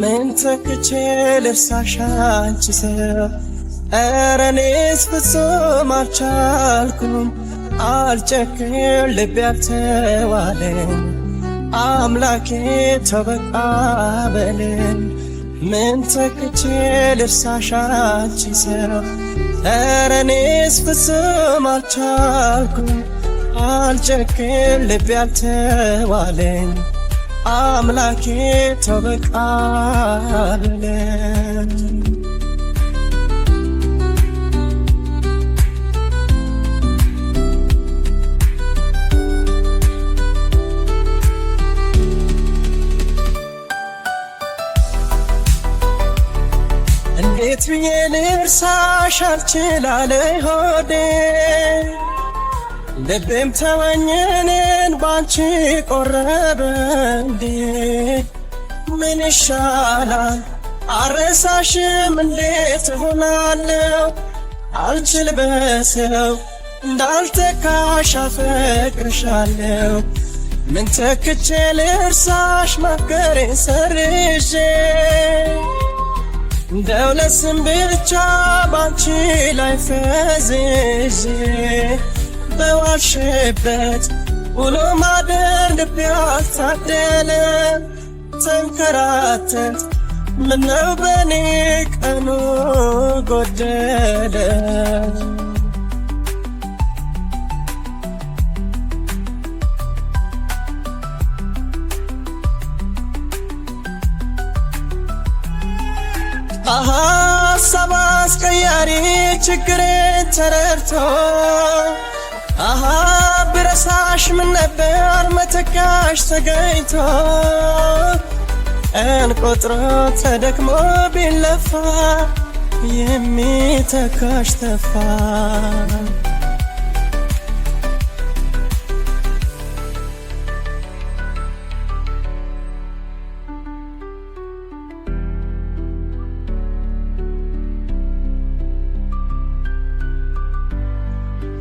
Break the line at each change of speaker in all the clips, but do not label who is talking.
ምን ሰክቼ ልርሳሽ ሰው? ኧረ ፍጹም አልቻልኩም። አልጨክም ልቤ አልተዋለም። አምላኬ ተው በቃ በለኝ። ምን ሰክቼ ልርሳሽ ሰው? ኧረ ፍጹም አልቻልኩም። አልጨክም ልቤ አልተዋለም አምላኬ ተበቃለ እንዴት ብዬ ልርሳሽ አልችላለ ሆዴ ልቤም ተመኘንን ባንቺ ቆረበ እንዴ ምን ይሻላል አረሳሽም እንዴት ሆናለው አልችል በሰው እንዳልተካሽ አፈቅርሻለው ምን ተክቼ ልርሳሽ መከሬ ሰርዤ እንደው ለስም ብቻ ባንቺ ላይ ፈዝዤ በዋሸበት ውሎ ማደር ልብ አሳደለ። ተንከራተት ምነው በኔ ቀኑ ጎደለ። ሀሳብ አስቀያሪ ችግሬ ተረድቶ አሃ ብረሳሽ ምን ነበር መተካሽ ተገኝቶ ቀን ተደክሞ ቢለፋ የሚተካሽ ተፋ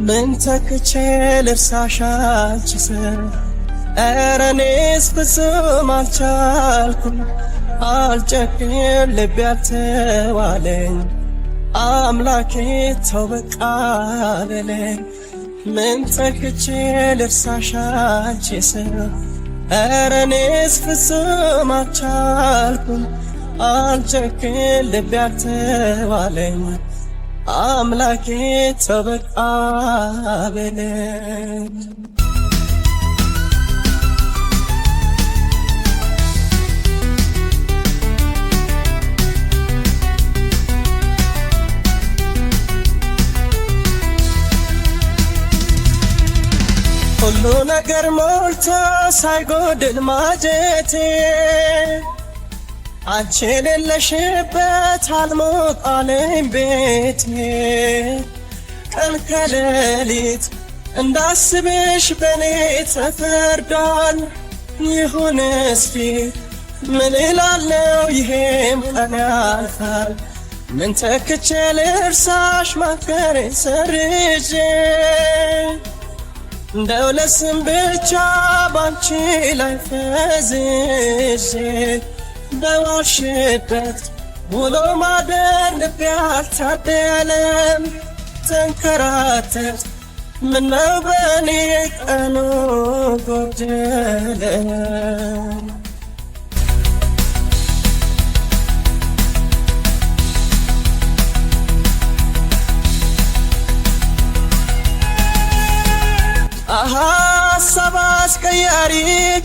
ምን ተክቼ ልርሳሽ አንቺስ? ኧረ እኔስ ፍጹም አልቻልኩም። አልጨክን ልቤ አልተዋለኝ። አምላኬ ተው በቃ በለኝ። ምን ተክቼ ልርሳሽ አንቺስ? ኧረ እኔስ ፍጹም አልቻልኩም። አልጨክን ልቤ አልተዋለኝ አምላኬ ተበቃ በለኝ ሁሉ ነገር ሞልቶ ሳይጎድል ማጀቴ አንቺ የሌለሽበት አልሞት ቤቴ ቀን ከሌሊት እንዳስብሽ በኔ ተፈርዷል። ይሁን እስቲ ምን እላለው ይሄም ቀን ያልፋል። ምን ተክቼ ልርሳሽ ማፍቀሬ ሰርጄ እንደው ለስም ብቻ ባንቺ ላይ ፈዝዤ በዋሽበት ውሎ ማደር ልቤ አልታደለም። ተንከራተት ምነው በኔ ቀኑ ጎደለ። ሀሳብ አስቀያሪ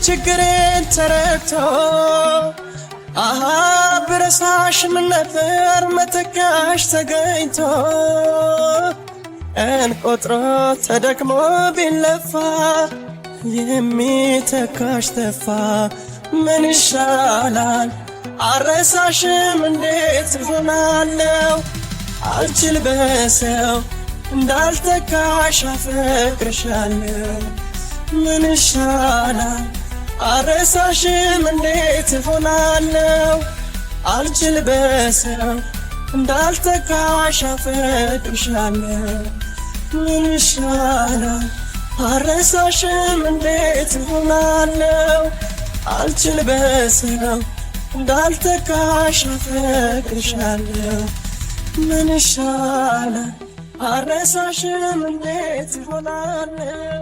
ችግርን ተረድቶ አሃ ብረሳሽ ምን ነበር መተካሽ ተገኝቶ እንቆጥሮ ተደክሞ ቢለፋ የሚተካሽ ተፋ ምን ይሻላል? አረሳሽም እንዴት ሆናለው አልችል በሰው እንዳልተካሽ አፈቅርሻለሁ ምን ይሻላል አረሳሽም እንዴት ሆናለው አልችል በሰው እንዳልተካሽ አፈቅርሻለው ምን ይሻላል አረሳሽም እንዴት ሆናለው አልችል በሰው እንዳልተካሽ አፈቅርሻለው ምን ይሻላል አረሳሽም እንዴት ሆናለው